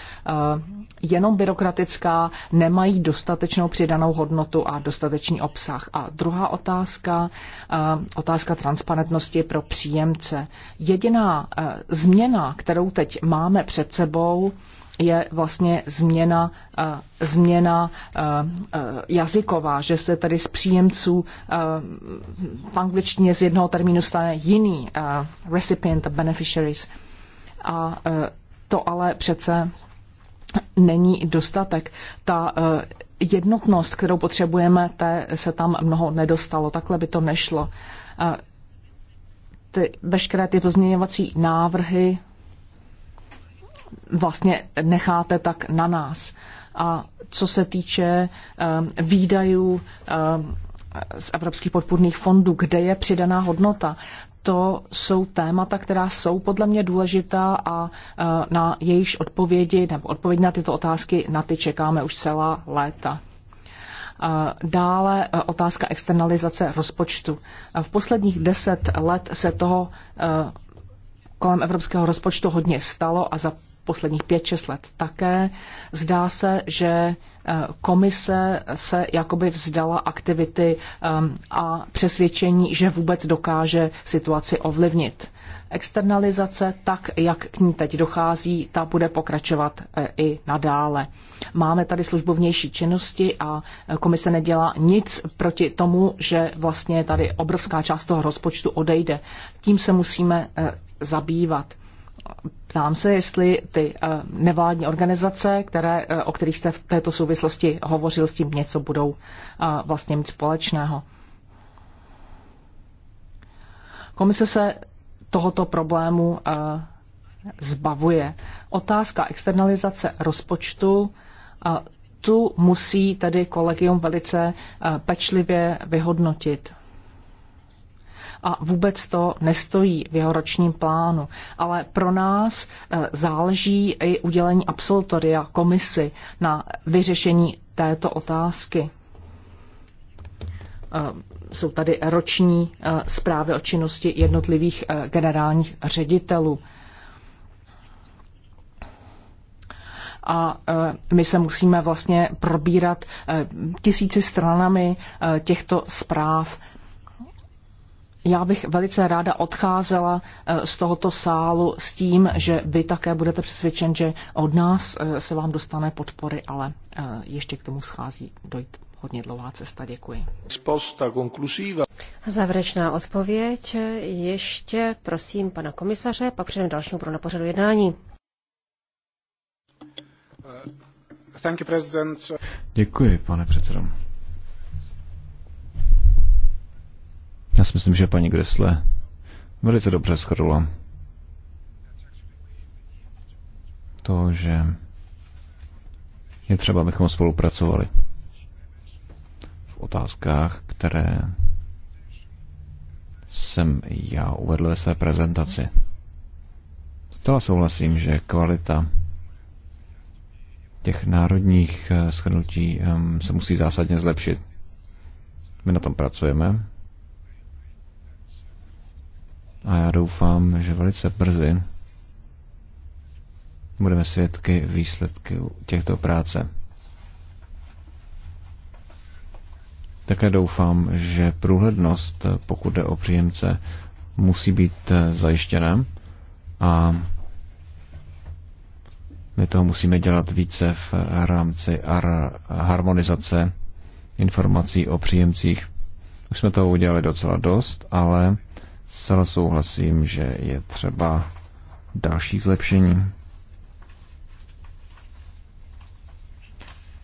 jenom byrokratická, nemají dostatečnou přidanou hodnotu a dostatečný obsah. A druhá otázka, uh, otázka transparentnosti pro příjemce. Jediná uh, změna, kterou teď máme před sebou, je vlastně změna, eh, změna eh, eh, jazyková, že se tedy z příjemců v angličtině z jednoho termínu stane jiný recipient beneficiaries. A to ale přece není dostatek. Ta jednotnost, kterou potřebujeme, té se tam mnoho nedostalo. Takhle by to nešlo. Ty, veškeré ty pozměňovací návrhy vlastně necháte tak na nás. A co se týče ehm, výdajů ehm, z evropských podpůrných fondů, kde je přidaná hodnota, to jsou témata, která jsou podle mě důležitá a e, na jejichž odpovědi nebo odpovědi na tyto otázky na ty čekáme už celá léta. E, dále e, otázka externalizace rozpočtu. V posledních deset let se toho kolem evropského rozpočtu hodně stalo a za posledních 5-6 let také. Zdá se, že eh, komise se jakoby vzdala aktivity ehm, a přesvědčení, že vůbec dokáže situaci ovlivnit. Externalizace, tak jak k ní teď dochází, ta bude pokračovat eh, i nadále. Máme tady službovnější činnosti a eh, komise nedělá nic proti tomu, že vlastně tady obrovská část toho rozpočtu odejde. Tím se musíme zabývat. Ptám se, jestli ty eh, nevládní organizace, které, eh, o kterých jste v této souvislosti hovořil, s tím něco budou eh, vlastně mít společného. Komise se tohoto problému zbavuje. Otázka externalizace rozpočtu, tu musí tedy kolegium velice pečlivě vyhodnotit a vůbec to nestojí v jeho ročním plánu. Ale pro nás eh, záleží i udělení absolutoria komisy na vyřešení této otázky eh, jsou tady roční eh, zprávy o činnosti jednotlivých generálních ředitelů. A my se musíme vlastně probírat tisíci stranami těchto zpráv já bych velice ráda odcházela eh, z tohoto sálu s tím, že vy také budete přesvědčen, že od nás eh, se vám dostane podpory, ale eh, ještě k tomu schází dojít hodně dlouhá cesta. Děkuji. Závěrečná odpověď. Ještě prosím pana komisaře, pak přejdeme dalšímu pro na pořadu jednání. Uh, Děkuji, pane předsedo. Já si myslím, že paní Gresle velice dobře shrnula to, že je třeba, abychom spolupracovali v otázkách, které jsem já uvedl ve své prezentaci. Zcela souhlasím, že kvalita těch národních eh, shrnutí ehm, se musí zásadně zlepšit. My na tom pracujeme. A já doufám, že velice brzy budeme svědky výsledky těchto práce. Také doufám, že průhlednost, pokud jde o příjemce, musí být eh, zajištěna a my toho musíme dělat více v rámci harmonizace informací o příjemcích. Už jsme toho udělali docela dost, ale zcela souhlasím, že je třeba dalších zlepšení.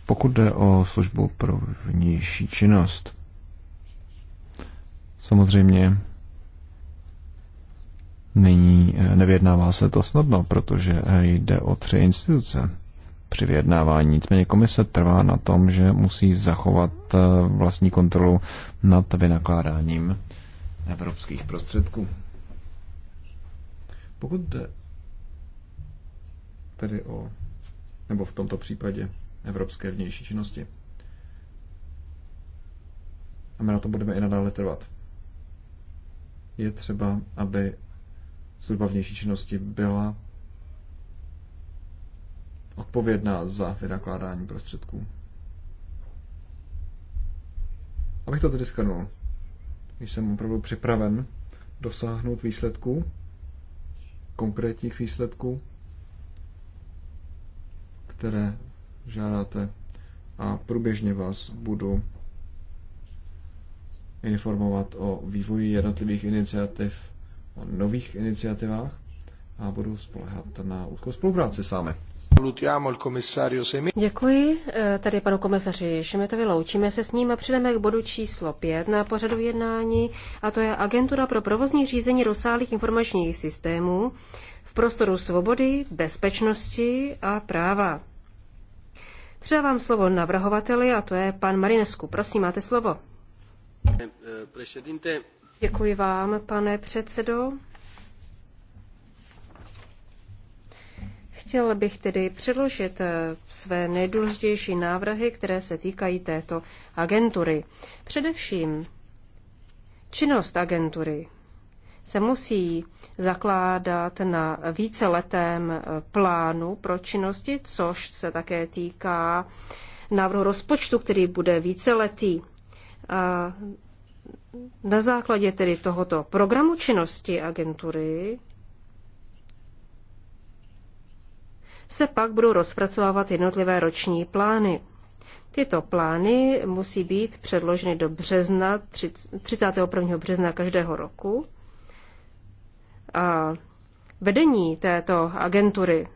Pokud jde o službu pro vnější činnost, samozřejmě není, nevědnává se to snadno, protože jde o tři instituce při vyjednávání. Nicméně komise trvá na tom, že musí zachovat eh, vlastní kontrolu nad vynakládáním evropských prostředků. Pokud jde tedy o, nebo v tomto případě, evropské vnější činnosti, a my na to budeme i nadále trvat, je třeba, aby služba vnější činnosti byla odpovědná za vynakládání prostředků. Abych to tedy schrnul, jsem opravdu připraven dosáhnout výsledků, konkrétních výsledků, které žádáte a průběžně vás budu informovat o vývoji jednotlivých iniciativ, o nových iniciativách a budu spolehat na úzkou spolupráci s vámi. Děkuji eh, tady panu komisaři Šemetovi. Loučíme se s ním a přijdeme k bodu číslo 5 na pořadu jednání, a to je Agentura pro provozní řízení rozsáhlých informačních systémů v prostoru svobody, bezpečnosti a práva. Předávám slovo navrhovateli, a to je pan Marinesku. Prosím, máte slovo. Eh, eh, Děkuji vám, pane předsedo. Chtěl bych tedy předložit eh, své nejdůležitější návrhy, které se týkají této agentury. Především činnost agentury se musí zakládat na víceletém eh, plánu pro činnosti, což se také týká návrhu rozpočtu, který bude víceletý. A na základě tedy tohoto programu činnosti agentury se pak budou rozpracovávat jednotlivé roční plány. Tyto plány musí být předloženy do března, 31. března každého roku. A vedení této agentury,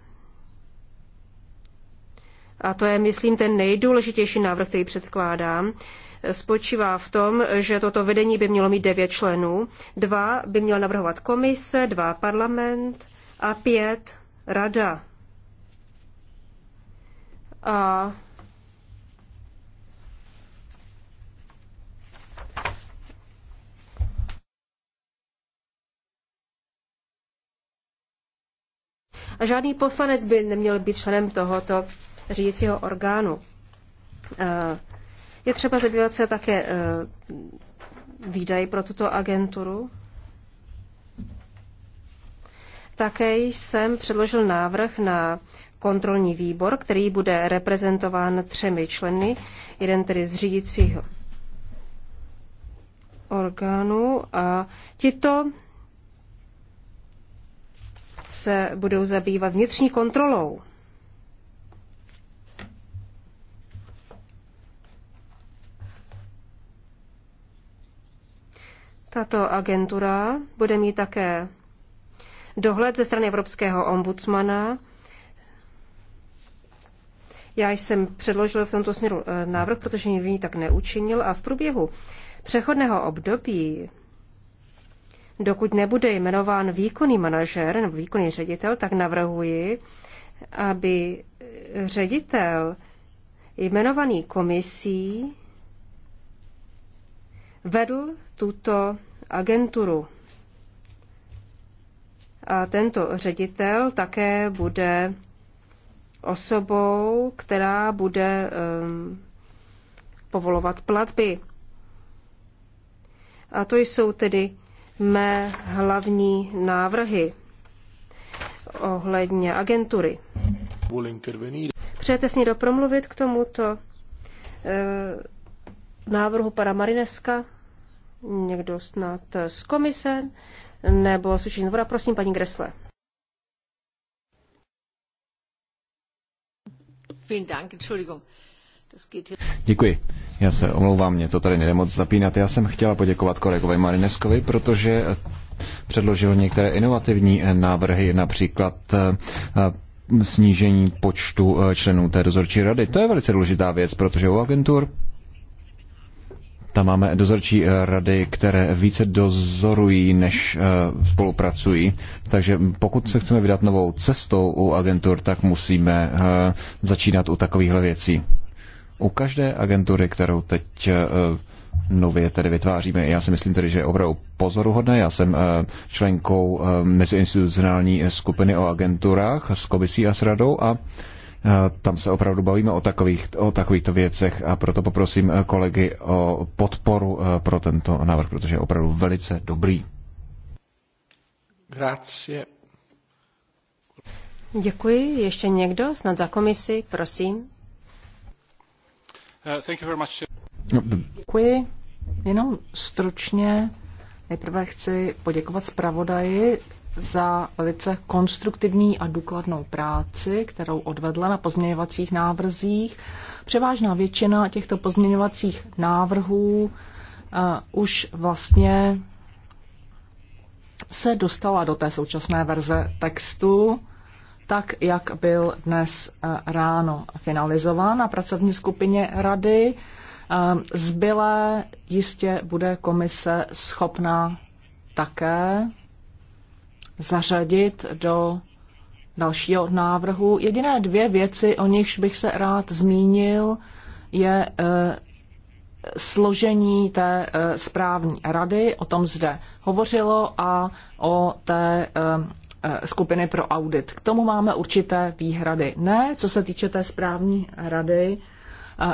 a to je, myslím, ten nejdůležitější návrh, který předkládám, spočívá v tom, že toto vedení by mělo mít devět členů, dva by měl navrhovat komise, dva parlament a pět rada. A A žádný poslanec by neměl být členem tohoto řídícího orgánu. Eh, je třeba zabývat se také eh, výdaj pro tuto agenturu. Také jsem předložil návrh na kontrolní výbor, který bude reprezentován třemi členy, jeden tedy z řídícího orgánu a tito se budou zabývat vnitřní kontrolou. Tato agentura bude mít také dohled ze strany Evropského ombudsmana. Já jsem předložil v tomto směru eh, návrh, protože jiný tak neučinil a v průběhu přechodného období, dokud nebude jmenován výkonný manažer nebo výkonný ředitel, tak navrhuji, aby ředitel jmenovaný komisí vedl tuto agenturu. A tento ředitel také bude osobou, která bude um, povolovat platby. A to jsou tedy mé hlavní návrhy ohledně agentury. Přejete s ní promluvit k tomuto uh, návrhu pana Marineska? Někdo snad z komise? nebo sušení Voda. Prosím, paní Gresle. Děkuji. Já se omlouvám, mě to tady nejde moc zapínat. Já jsem chtěla poděkovat kolegovi Marineskovi, protože předložil některé inovativní návrhy, například eh, snížení počtu eh, členů té dozorčí rady. To je velice důležitá věc, protože u agentur tam máme dozorčí eh, rady, které více dozorují, než eh, spolupracují. Takže pokud se chceme vydat novou cestou u agentur, tak musíme eh, začínat u takovýchhle věcí. U každé agentury, kterou teď nově tedy vytváříme. Já si myslím tedy, že je opravdu pozoruhodné. Já jsem členkou meziinstitucionální skupiny o agenturách s komisí a s radou a tam se opravdu bavíme o, takových, o takovýchto věcech a proto poprosím eh, kolegy o podporu eh, pro tento návrh, protože je opravdu velice dobrý. Grazie. Děkuji. Ještě někdo? Snad za komisi, prosím. Uh, thank you very much. No, Děkuji. Jenom stručně. Nejprve chci poděkovat zpravodaji za velice konstruktivní a důkladnou práci, kterou odvedla na pozměňovacích návrzích. Převážná většina těchto pozměňovacích návrhů uh, už vlastně se dostala do té současné verze textu, tak jak byl dnes eh, ráno finalizován na pracovní skupině rady. Eh, zbylé jistě bude komise schopná také zařadit do dalšího návrhu. Jediné dvě věci, o nichž bych se rád zmínil, je eh, složení té eh, správní rady, o tom zde hovořilo, a o té eh, skupiny pro audit. K tomu máme určité výhrady. Ne, co se týče té správní rady,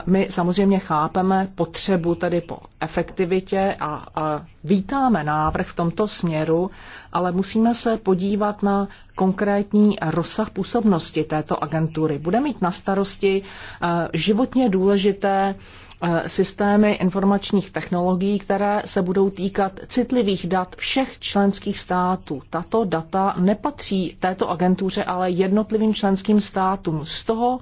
my samozřejmě chápeme potřebu tedy po efektivitě a, a vítáme návrh v tomto směru, ale musíme se podívat na konkrétní rozsah působnosti této agentury. Bude mít na starosti e, životně důležité e, systémy informačních technologií, které se budou týkat citlivých dat všech členských států. Tato data nepatří této agentuře, ale jednotlivým členským státům. Z toho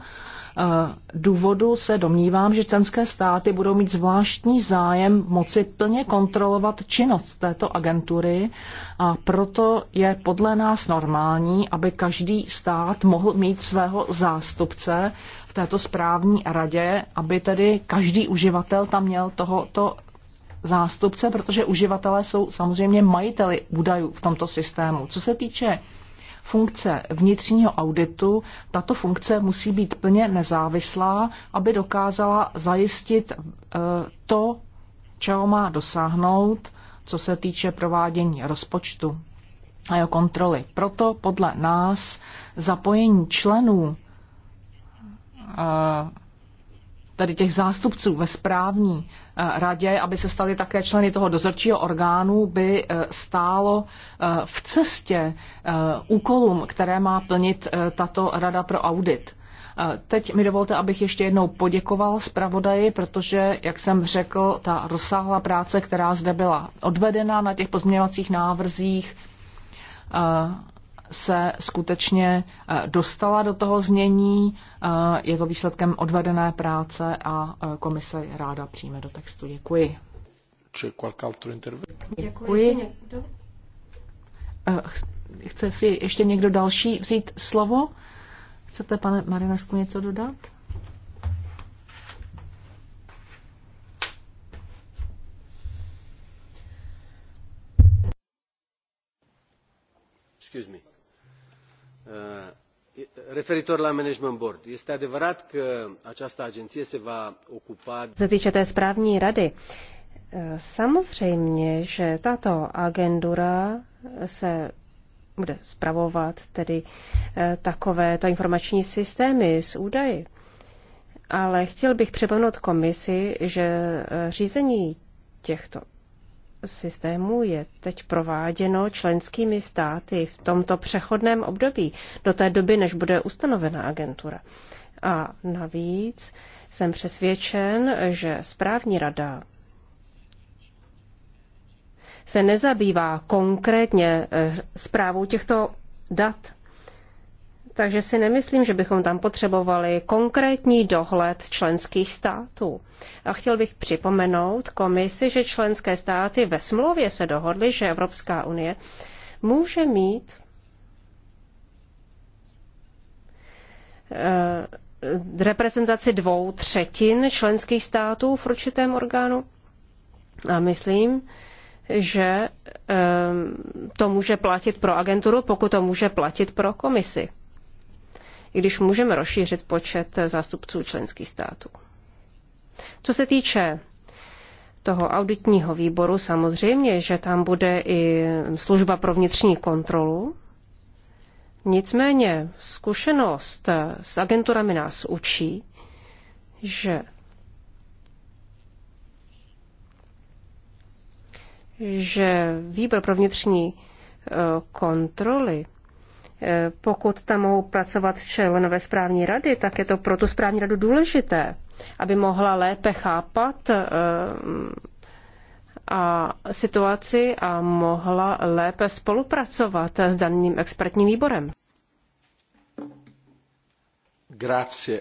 Eh, důvodu se domnívám, že členské státy budou mít zvláštní zájem moci plně kontrolovat činnost této agentury a proto je podle nás normální, aby každý stát mohl mít svého zástupce v této správní radě, aby tedy každý uživatel tam měl tohoto zástupce, protože uživatelé jsou samozřejmě majiteli údajů v tomto systému. Co se týče funkce vnitřního auditu, tato funkce musí být plně nezávislá, aby dokázala zajistit eh, to, čeho má dosáhnout, co se týče provádění rozpočtu a jeho kontroly. Proto podle nás zapojení členů eh, tedy těch zástupců ve správní eh, radě, aby se stali také členy toho dozorčího orgánu, by eh, stálo eh, v cestě úkolům, které má plnit tato rada pro audit. Teď mi dovolte, abych ještě jednou poděkoval zpravodaji, protože, jak jsem řekl, ta rozsáhlá práce, která zde byla odvedena na těch pozměňovacích návrzích, se skutečně eh, dostala do toho znění. Eh, je to výsledkem odvedené práce a eh, komise ráda přijme do textu. Děkuji. Děkuji. Chce si ještě někdo další vzít slovo? Chcete, pane Marinesku, něco dodat? Excuse me. Uh, referitor la Management Board, este adevărat că această agenție se va ocupa... Se týče té správní rady, eh, samozřejmě, že tato agendura se bude spravovat tedy eh, takovéto informační systémy s údaji. Ale chtěl bych připomenout komisi, že eh, řízení těchto systému je teď prováděno členskými státy v tomto přechodném období, do té doby, než bude ustanovena agentura. A navíc jsem přesvědčen, že správní rada se nezabývá konkrétně zprávou eh, těchto dat. Takže si nemyslím, že bychom tam potřebovali konkrétní dohled členských států. A chtěl bych připomenout komisi, že členské státy ve smlouvě se dohodly, že Evropská unie může mít eh, reprezentaci dvou třetin členských států v určitém orgánu. A myslím, že eh, to může platit pro agenturu, pokud to může platit pro komisi i když můžeme rozšířit počet zástupců členských států. Co se týče toho auditního výboru, samozřejmě, že tam bude i služba pro vnitřní kontrolu. Nicméně zkušenost s agenturami nás učí, že že výbor pro vnitřní eh, kontroly pokud tam mohou pracovat členové správní rady, tak je to pro tu správní radu důležité, aby mohla lépe chápat eh, a situaci a mohla lépe spolupracovat s daným expertním výborem. Grazie,